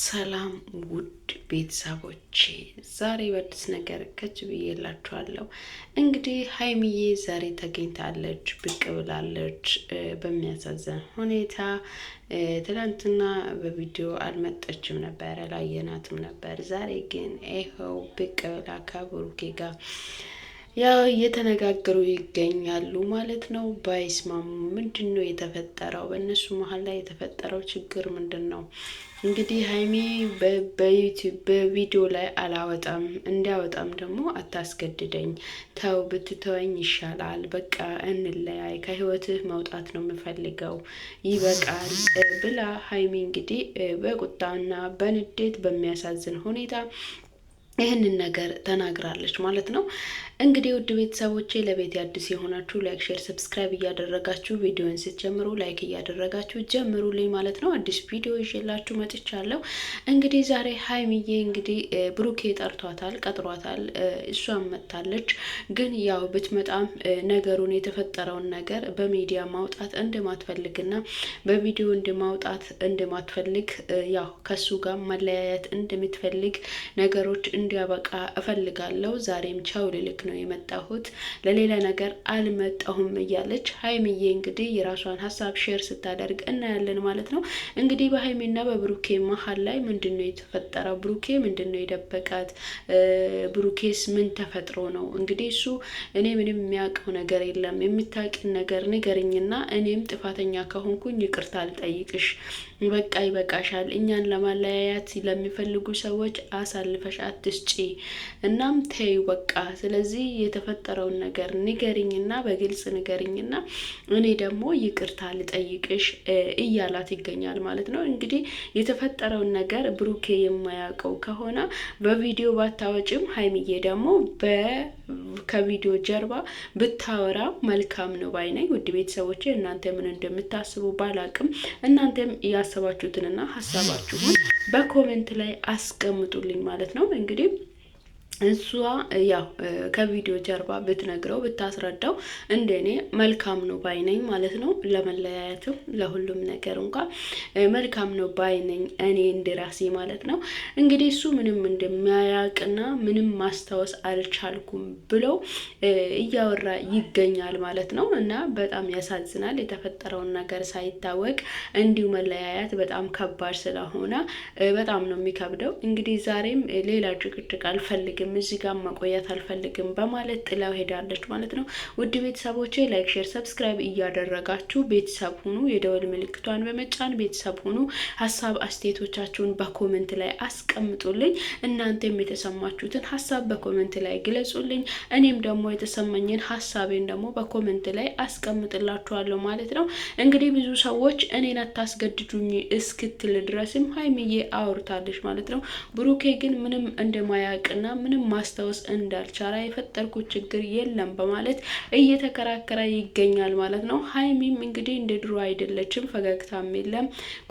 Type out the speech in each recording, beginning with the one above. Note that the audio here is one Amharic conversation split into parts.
ሰላም ውድ ቤተሰቦቼ ዛሬ በአዲስ ነገር ከች ብዬላችኋለሁ። እንግዲህ ሀይሚዬ ዛሬ ተገኝታለች፣ ብቅ ብላለች። በሚያሳዝን ሁኔታ ትናንትና በቪዲዮ አልመጠችም ነበረ፣ ላየናትም ነበር። ዛሬ ግን ይኸው ብቅ ብላ ከብሩኬ ጋር ያው እየተነጋገሩ ይገኛሉ ማለት ነው። ባይስማሙ ምንድን ነው የተፈጠረው? በእነሱ መሀል ላይ የተፈጠረው ችግር ምንድን ነው? እንግዲህ ሀይሚ በቪዲዮ ላይ አላወጣም፣ እንዲያወጣም ደግሞ አታስገድደኝ። ተው ብትተወኝ ይሻላል። በቃ እንለያይ፣ ከህይወትህ መውጣት ነው የምፈልገው፣ ይበቃል ብላ ሀይሚ እንግዲህ በቁጣና በንዴት በሚያሳዝን ሁኔታ ይህንን ነገር ተናግራለች ማለት ነው። እንግዲህ ውድ ቤተሰቦቼ ለቤት አዲስ የሆናችሁ ላይክ፣ ሼር፣ ሰብስክራይብ እያደረጋችሁ ቪዲዮን ስትጀምሩ ላይክ እያደረጋችሁ ጀምሩልኝ ማለት ነው። አዲስ ቪዲዮ ይዤላችሁ መጥቻለሁ። እንግዲህ ዛሬ ሀይሚዬ እንግዲህ ብሩኬ ጠርቷታል፣ ቀጥሯታል። እሷም መጥታለች። ግን ያው ብትመጣም ነገሩን የተፈጠረውን ነገር በሚዲያ ማውጣት እንደማትፈልግና በቪዲዮ እንደማውጣት እንደማትፈልግ ያው ከሱ ጋር መለያየት እንደምትፈልግ ነገሮች እንዲያበቃ እፈልጋለሁ። ዛሬም ቻው ልልክ ነው የመጣሁት ለሌላ ነገር አልመጣሁም እያለች ሀይሚዬ እንግዲህ የራሷን ሀሳብ ሼር ስታደርግ እናያለን ማለት ነው። እንግዲህ በሀይሚና በብሩኬ መሀል ላይ ምንድን ነው የተፈጠረው? ብሩኬ ምንድን ነው የደበቃት? ብሩኬስ ምን ተፈጥሮ ነው? እንግዲህ እሱ እኔ ምንም የሚያውቀው ነገር የለም የምታውቂን ነገር ንገርኝና እኔም ጥፋተኛ ከሆንኩኝ ይቅርታ አልጠይቅሽ ይበቃ ይበቃሻል፣ እኛን ለማለያያት ለሚፈልጉ ሰዎች አሳልፈሽ አትስጪ፣ እናም ተይ በቃ። ስለዚህ የተፈጠረውን ነገር ንገርኝና በግልጽ ንገርኝና እኔ ደግሞ ይቅርታ ልጠይቅሽ እያላት ይገኛል ማለት ነው። እንግዲህ የተፈጠረውን ነገር ብሩኬ የማያውቀው ከሆነ በቪዲዮ ባታወጭም ሀይሚዬ ደግሞ በ ከቪዲዮ ጀርባ ብታወራ መልካም ነው ባይናይ። ውድ ቤተሰቦች እናንተ ምን እንደምታስቡ ባላቅም እናንተም ያሰባችሁትንና ሀሳባችሁን በኮሜንት ላይ አስቀምጡልኝ ማለት ነው እንግዲህ እሷ ያው ከቪዲዮ ጀርባ ብትነግረው ብታስረዳው እንደ እኔ መልካም ነው ባይነኝ ማለት ነው። ለመለያየትም ለሁሉም ነገር እንኳ መልካም ነው ባይነኝ እኔ እንደራሴ ማለት ነው። እንግዲህ እሱ ምንም እንደሚያያቅና ምንም ማስታወስ አልቻልኩም ብለው እያወራ ይገኛል ማለት ነው። እና በጣም ያሳዝናል። የተፈጠረውን ነገር ሳይታወቅ እንዲሁ መለያየት በጣም ከባድ ስለሆነ በጣም ነው የሚከብደው። እንግዲህ ዛሬም ሌላ ጭቅጭቅ አልፈልግም አልችልም፣ እዚህ ጋር መቆየት አልፈልግም በማለት ጥላው ሄዳለች ማለት ነው። ውድ ቤተሰቦቼ ላይክ፣ ሼር፣ ሰብስክራይብ እያደረጋችሁ ቤተሰብ ሁኑ። የደወል ምልክቷን በመጫን ቤተሰብ ሁኑ። ሀሳብ አስተያየቶቻችሁን በኮመንት ላይ አስቀምጡልኝ። እናንተም የተሰማችሁትን ሀሳብ በኮመንት ላይ ግለጹልኝ። እኔም ደግሞ የተሰማኝን ሀሳቤን ደግሞ በኮመንት ላይ አስቀምጥላችኋለሁ ማለት ነው። እንግዲህ ብዙ ሰዎች እኔን አታስገድዱኝ እስክትል ድረስም ሀይሚዬ አውርታለች ማለት ነው። ብሩኬ ግን ምንም እንደማያውቅና ምንም ምንም ማስታወስ እንዳልቻለ የፈጠርኩት ችግር የለም በማለት እየተከራከረ ይገኛል ማለት ነው። ሀይሚም እንግዲህ እንደ ድሮ አይደለችም፣ ፈገግታም የለም፣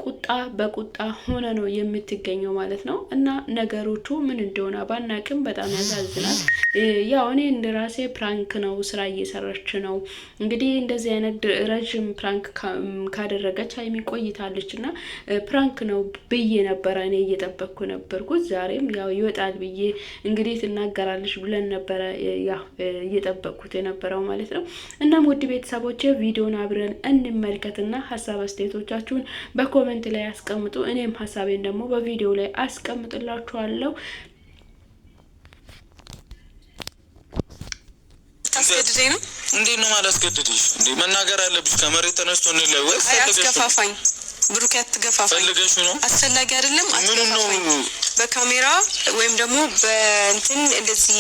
ቁጣ በቁጣ ሆነ ነው የምትገኘው ማለት ነው። እና ነገሮቹ ምን እንደሆነ ባናቅም በጣም ያሳዝናል። ያው እኔ እንደ ራሴ ፕራንክ ነው ስራ እየሰራች ነው እንግዲህ እንደዚህ አይነት ረዥም ፕራንክ ካደረገች ሀይሚ ቆይታለች እና ፕራንክ ነው ብዬ ነበረ እኔ እየጠበቅኩ ነበርኩት። ዛሬም ያው ይወጣል ብዬ እንግዲህ እንዴት እናገራለች ብለን ነበረ ያ እየጠበቅኩት የነበረው ማለት ነው። እናም ውድ ቤተሰቦች ቪዲዮን አብረን እንመልከትና ሀሳብ አስተያየቶቻችሁን በኮመንት ላይ አስቀምጡ። እኔም ሀሳቤን ደግሞ በቪዲዮ ላይ አስቀምጥላችኋለሁ። አስገድደኝ ነው እንዴት ነው ማለት አስገድድሽ? እንዴ መናገር አለብሽ ከመሬት ተነስቶ እንለወስ አስከፋፋኝ ብሩክ አትገፋፋኝ። አስፈላጊ አይደለም። አትገፋፋኝ በካሜራ ወይም ደግሞ በእንትን እንደዚህ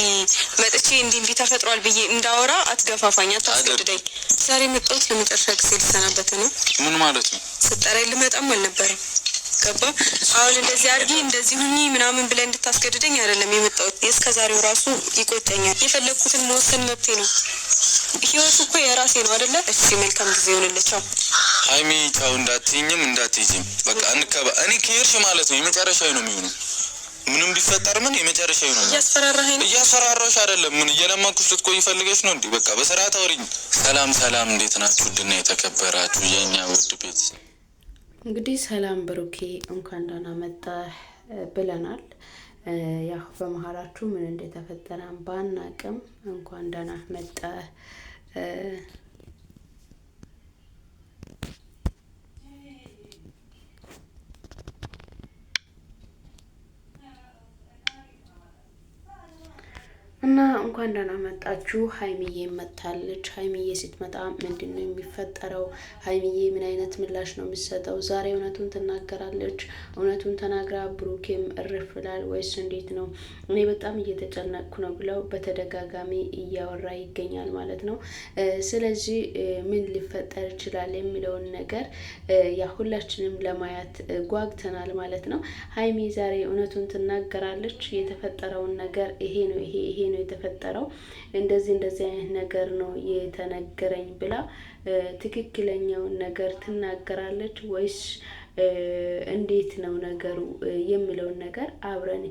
መጥቼ እንዲህ እንዲህ ተፈጥሯል ብዬ እንዳወራ አትገፋፋኝ፣ አታስገድደኝ። ዛሬ መጣሁት ለመጨረሻ ጊዜ ልሰናበት ነው። ምን ማለት ነው? ስጠራኝ ልመጣም አልነበረም ገባ። አሁን እንደዚህ አድርጊ እንደዚህ ሁኚ ምናምን ብለ እንድታስገድደኝ አይደለም የመጣሁት። እስከ ዛሬው ራሱ ይቆጨኛል። የፈለግኩትን መወሰን መብቴ ነው። ህይወት እኮ የራሴ ነው አደለ? እሺ መልካም ጊዜ ሆንልቸው። ሀይሚ ተው፣ እንዳትይኝም እንዳትይኝም በቃ እንከባ። እኔ ከሄድሽ ማለት ነው የመጨረሻዊ ነው የሚሆኑ ምንም ቢፈጠር ምን የመጨረሻዊ ነው። እያስፈራራኸኝ ነው። እያስፈራራሁሽ አደለም። ምን እየለመንኩሽ ልትቆይ ይፈልገሽ ነው እንዴ? በቃ በስርዓት አውሪኝ። ሰላም ሰላም፣ እንዴት ናችሁ? ውድና የተከበራችሁ የእኛ ውድ ቤት እንግዲህ ሰላም ብሩኬ፣ እንኳን ደህና መጣህ ብለናል። ያው በመሀላችሁ ምን እንደተፈጠረ ባናቅም እንኳን ደህና መጣ እና እንኳን ደህና መጣችሁ። ሀይሚዬ መታለች። ሀይሚዬ ስትመጣ ምንድን ነው የሚፈጠረው? ሀይሚዬ ምን አይነት ምላሽ ነው የሚሰጠው? ዛሬ እውነቱን ትናገራለች? እውነቱን ተናግራ ብሩኬም እርፍ ይላል ወይስ እንዴት ነው? እኔ በጣም እየተጨነቅኩ ነው ብለው በተደጋጋሚ እያወራ ይገኛል ማለት ነው። ስለዚህ ምን ሊፈጠር ይችላል የሚለውን ነገር ያ ሁላችንም ለማየት ጓግተናል ማለት ነው። ሀይሚ ዛሬ እውነቱን ትናገራለች። የተፈጠረውን ነገር ይሄ ነው ይሄ ይሄ ነው የተፈጠረው እንደዚህ እንደዚህ አይነት ነገር ነው የተነገረኝ ብላ ትክክለኛውን ነገር ትናገራለች ወይስ እንዴት ነው ነገሩ የሚለውን ነገር አብረን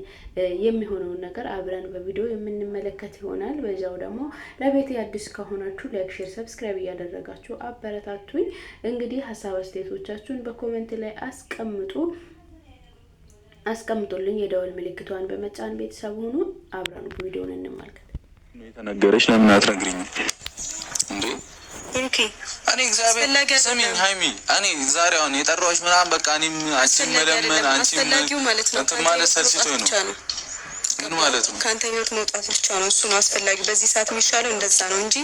የሚሆነውን ነገር አብረን በቪዲዮ የምንመለከት ይሆናል። በዛው ደግሞ ለቤት አዲስ ከሆናችሁ ላይክ፣ ሼር፣ ሰብስክራይብ እያደረጋችሁ አበረታቱኝ። እንግዲህ ሀሳብ አስተያየቶቻችሁን በኮመንት ላይ አስቀምጡ። አስቀምጦልኝ የደወል ምልክቷን በመጫን ቤተሰብ ሆኑ። አብረን ቪዲዮን እንመልከት። የተነገረች ለምን አትነግሪኝም እንዴ? እኔ እግዚአብሔር ስሚኝ ሀይሚ፣ እኔ ዛሬ አሁን የጠራዎች ምናምን በቃ እኔም መለመን ማለት ነው። ምን ማለት ነው? ከአንተ ህይወት መውጣት ብቻ ነው። እሱ ነው አስፈላጊ። በዚህ ሰዓት የሚሻለው እንደዛ ነው እንጂ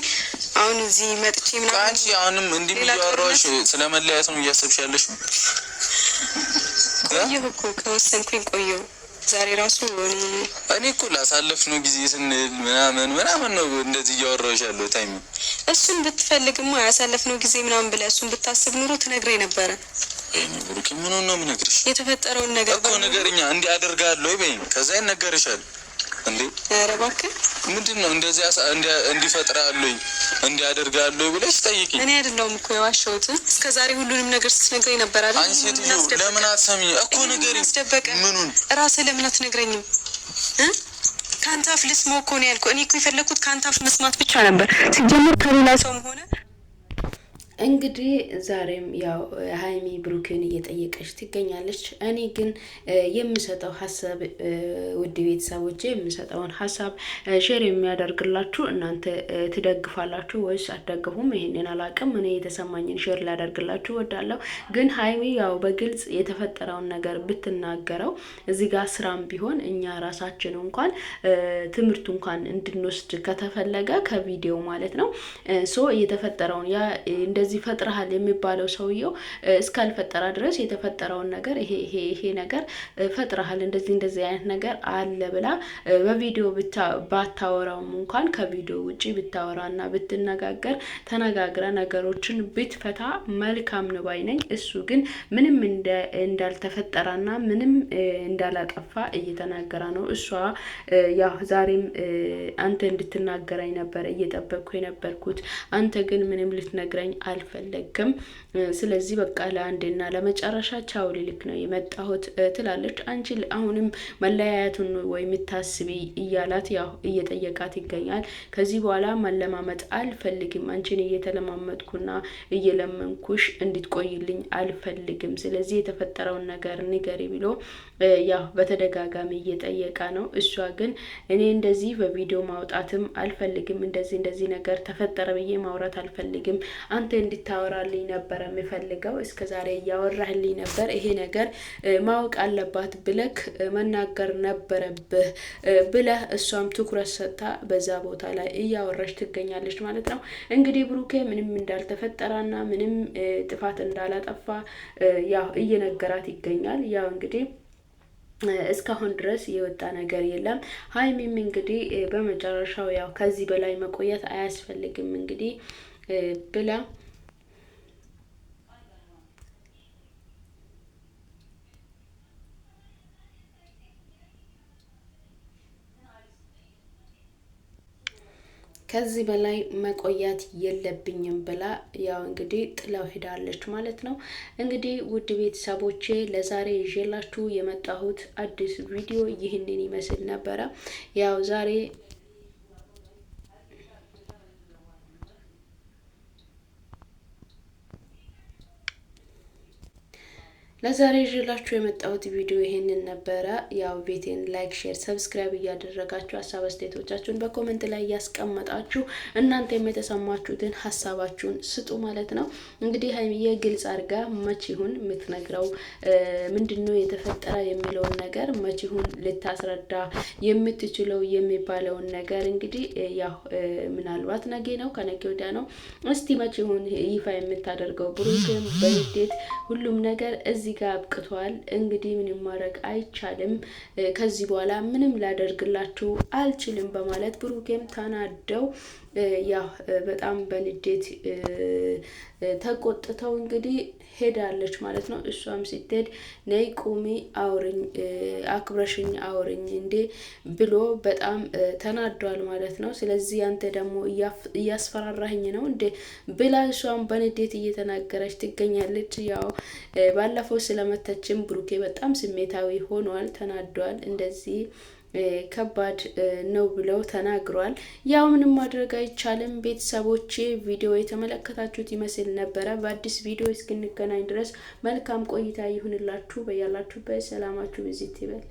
አሁን እዚህ መጥቼ ምናምን አንቺ አሁንም እንዲህ ነው እያሰብሽ ያለሽ ቆየሁ እኮ ከወሰንኩኝ ቆየሁ። ዛሬ ራሱ እኔ እኮ ላሳለፍነው ጊዜ ስንል ምናምን ምናምን ነው እንደዚህ እያወራሁሽ ያለው ታይሚ። እሱን ብትፈልግማ ያሳለፍነው ጊዜ ምናምን ብለህ እሱን ብታስብ ኑሮ ትነግረኝ ነበረ። ብሩኬ፣ ምኑን ነው የምነግርሽ? የተፈጠረውን ነገር እኮ ንገሪኛ። እንዲህ አደርጋለሁ በይኝ፣ ከዛ ይነገርሻል እንዴ ኧረ እባክህ ምንድን ነው እንደዚህ ብለሽ እኔ አይደለሁም እኮ የዋሸሁት። እስከ ዛሬ ሁሉንም ነገር ስትነግረኝ ነበር አይደል? አንቺ ሴትዮ ለምን አትሰሚኝ እኮ ንገሪኝ። ምኑን ራስህ ለምን አትነግረኝም? ከአንተ አፍ ልስማው እኮ ነው ያልኩህ። እኔ እኮ የፈለግኩት ከአንተ አፍ መስማት ብቻ ነበር። ሲጀምር ከሌላ ሰውም ሆነ እንግዲህ ዛሬም ያው ሀይሚ ብሩኬን እየጠየቀች ትገኛለች። እኔ ግን የምሰጠው ሀሳብ ውድ ቤተሰቦች የምሰጠውን ሀሳብ ሼር የሚያደርግላችሁ እናንተ ትደግፋላችሁ ወይስ አትደግፉም? ይሄንን አላቅም። እኔ የተሰማኝን ሼር ላደርግላችሁ ወዳለሁ። ግን ሀይሚ ያው በግልጽ የተፈጠረውን ነገር ብትናገረው እዚህ ጋር ስራም ቢሆን እኛ ራሳችን እንኳን ትምህርቱ እንኳን እንድንወስድ ከተፈለገ ከቪዲዮ ማለት ነው ሶ የተፈጠረውን እንደዚህ ፈጥረሃል የሚባለው ሰውየው እስካልፈጠራ ድረስ የተፈጠረውን ነገር ይሄ ይሄ ይሄ ነገር ፈጥረሃል እንደዚህ እንደዚህ አይነት ነገር አለ ብላ በቪዲዮ ባታወራውም እንኳን ከቪዲዮ ውጭ ብታወራና ብትነጋገር ተነጋግረ ነገሮችን ብትፈታ መልካም ነው ባይ ነኝ። እሱ ግን ምንም እንዳልተፈጠረና ምንም እንዳላጠፋ እየተናገረ ነው። እሷ ያው ዛሬም አንተ እንድትናገረኝ ነበር እየጠበቅኩ የነበርኩት አንተ ግን ምንም ልትነግረኝ አለ አልፈለግም። ስለዚህ በቃ ለአንዴና ለመጨረሻ ቻው ልልክ ነው የመጣሁት ትላለች። አንቺ አሁንም መለያየቱን ወይ የምታስቢ እያላት ያው እየጠየቃት ይገኛል። ከዚህ በኋላ መለማመጥ አልፈልግም። አንቺን እየተለማመጥኩና እየለመንኩሽ እንድትቆይልኝ አልፈልግም። ስለዚህ የተፈጠረውን ነገር ንገሪ ብሎ ያው በተደጋጋሚ እየጠየቃ ነው። እሷ ግን እኔ እንደዚህ በቪዲዮ ማውጣትም አልፈልግም፣ እንደዚህ እንደዚህ ነገር ተፈጠረ ብዬ ማውራት አልፈልግም አንተ እንድታወራልኝ ነበረ የምፈልገው። ዛሬ እያወራህልኝ ነበር። ይሄ ነገር ማወቅ አለባት ብለክ መናገር ነበረብህ ብለህ እሷም ትኩረት ሰጥታ በዛ ቦታ ላይ እያወራች ትገኛለች ማለት ነው። እንግዲህ ብሩኬ ምንም እንዳልተፈጠራና ምንም ጥፋት እንዳላጠፋ ያው እየነገራት ይገኛል። ያው እንግዲህ እስካሁን ድረስ የወጣ ነገር የለም። ሀይሚም እንግዲህ በመጨረሻው ያው ከዚህ በላይ መቆየት አያስፈልግም እንግዲህ ብላ ከዚህ በላይ መቆያት የለብኝም ብላ ያው እንግዲህ ጥለው ሄዳለች ማለት ነው። እንግዲህ ውድ ቤተሰቦቼ ለዛሬ ይዤላችሁ የመጣሁት አዲስ ቪዲዮ ይህንን ይመስል ነበረ። ያው ዛሬ ለዛሬ ይዤላችሁ የመጣሁት ቪዲዮ ይሄንን ነበረ። ያው ቤቴን ላይክ፣ ሼር፣ ሰብስክራይብ እያደረጋችሁ ሀሳብ አስተያየቶቻችሁን በኮመንት ላይ እያስቀመጣችሁ እናንተ የተሰማችሁትን ሀሳባችሁን ስጡ ማለት ነው። እንግዲህ ሀይሚዬ ግልጽ አድርጋ መች ይሁን የምትነግረው ምንድን ነው የተፈጠረ የሚለውን ነገር መች ይሁን ልታስረዳ የምትችለው የሚባለውን ነገር እንግዲህ ያው ምናልባት ነገ ነው ከነገ ወዲያ ነው እስቲ መች ይሁን ይፋ የምታደርገው ብሩክም በንዴት ሁሉም ነገር እዚህ ጋር አብቅቷል። እንግዲህ ምንም ማድረግ አይቻልም። ከዚህ በኋላ ምንም ላደርግላችሁ አልችልም በማለት ብሩኬም ተናደው ያው በጣም በንዴት ተቆጥተው እንግዲህ ሄዳለች ማለት ነው። እሷም ስትሄድ ነይ ቁሚ አውርኝ፣ አክብረሽኝ አውርኝ እንዴ ብሎ በጣም ተናዷል ማለት ነው። ስለዚህ አንተ ደግሞ እያስፈራራህኝ ነው እንዴ ብላ እሷም በንዴት እየተናገረች ትገኛለች። ያው ባለፈው ስለመተችም ብሩኬ በጣም ስሜታዊ ሆኗል፣ ተናዷል እንደዚህ ከባድ ነው ብለው ተናግሯል። ያው ምንም ማድረግ አይቻልም። ቤተሰቦች ቪዲዮ የተመለከታችሁት ይመስል ነበረ። በአዲስ ቪዲዮ እስክንገናኝ ድረስ መልካም ቆይታ ይሁንላችሁ። በያላችሁበት ሰላማችሁ ብዝት ይበል።